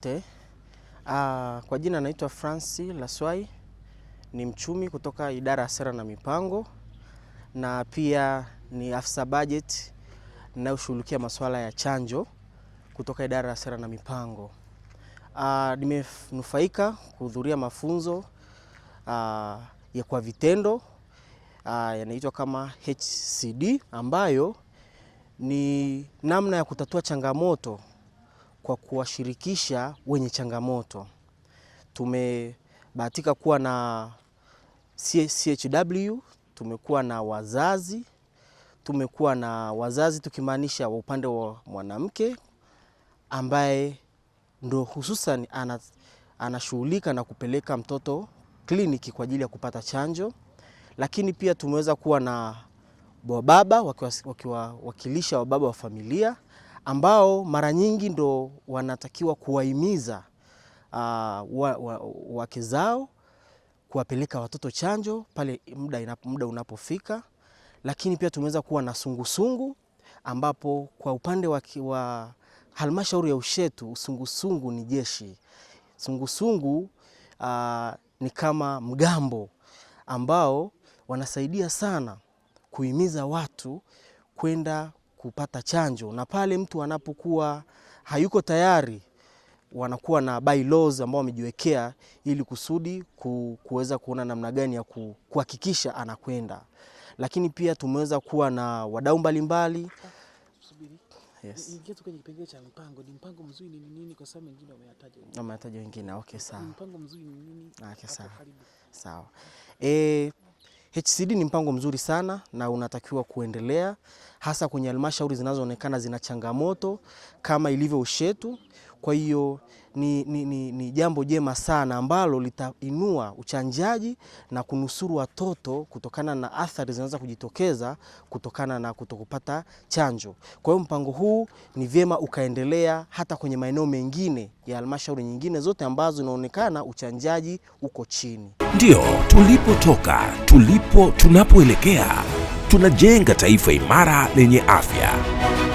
Te, uh, ah, kwa jina naitwa Francis Laswai ni mchumi kutoka idara ya sera na mipango na pia ni afisa budget ninayoshughulikia masuala ya chanjo kutoka idara ya sera na mipango. Ah, nimenufaika kuhudhuria mafunzo uh, ya kwa vitendo yanaitwa kama HCD ambayo ni namna ya kutatua changamoto kwa kuwashirikisha wenye changamoto. Tumebahatika kuwa na CHW, tumekuwa na wazazi, tumekuwa na wazazi tukimaanisha wa upande wa mwanamke ambaye ndo hususan anashughulika na kupeleka mtoto kliniki kwa ajili ya kupata chanjo, lakini pia tumeweza kuwa na wababa wakiwakilisha wababa wa familia ambao mara nyingi ndo wanatakiwa kuwahimiza uh, ah, wa, wa, wake zao kuwapeleka watoto chanjo pale muda, muda unapofika, lakini pia tumeweza kuwa na sungusungu ambapo kwa upande wa, wa halmashauri ya Ushetu sungusungu ni jeshi. Sungusungu uh, ni kama mgambo ambao wanasaidia sana kuhimiza watu kwenda kupata chanjo, na pale mtu anapokuwa hayuko tayari wanakuwa na bylaws ambao wamejiwekea ili kusudi kuweza kuona namna gani ya kuhakikisha anakwenda, lakini pia tumeweza kuwa na wadau mbalimbali. Yes. Kwenye kipengele cha mpango ni mpango mzuri ni nini? Kwa sababu wengine wameyataja wengine. Okay, sawa. Mpango mzuri ni nini? Okay, sawa. Sawa. Eh HCD ni mpango mzuri sana na unatakiwa kuendelea hasa kwenye halmashauri zinazoonekana zina changamoto kama ilivyo Ushetu. Kwa hiyo ni, ni, ni, ni jambo jema sana ambalo litainua uchanjaji na kunusuru watoto kutokana na athari zinaweza kujitokeza kutokana na kutokupata chanjo. Kwa hiyo mpango huu ni vyema ukaendelea hata kwenye maeneo mengine ya halmashauri nyingine zote ambazo inaonekana uchanjaji uko chini. Ndio tulipotoka, tulipo, tunapoelekea, tunajenga taifa imara lenye afya.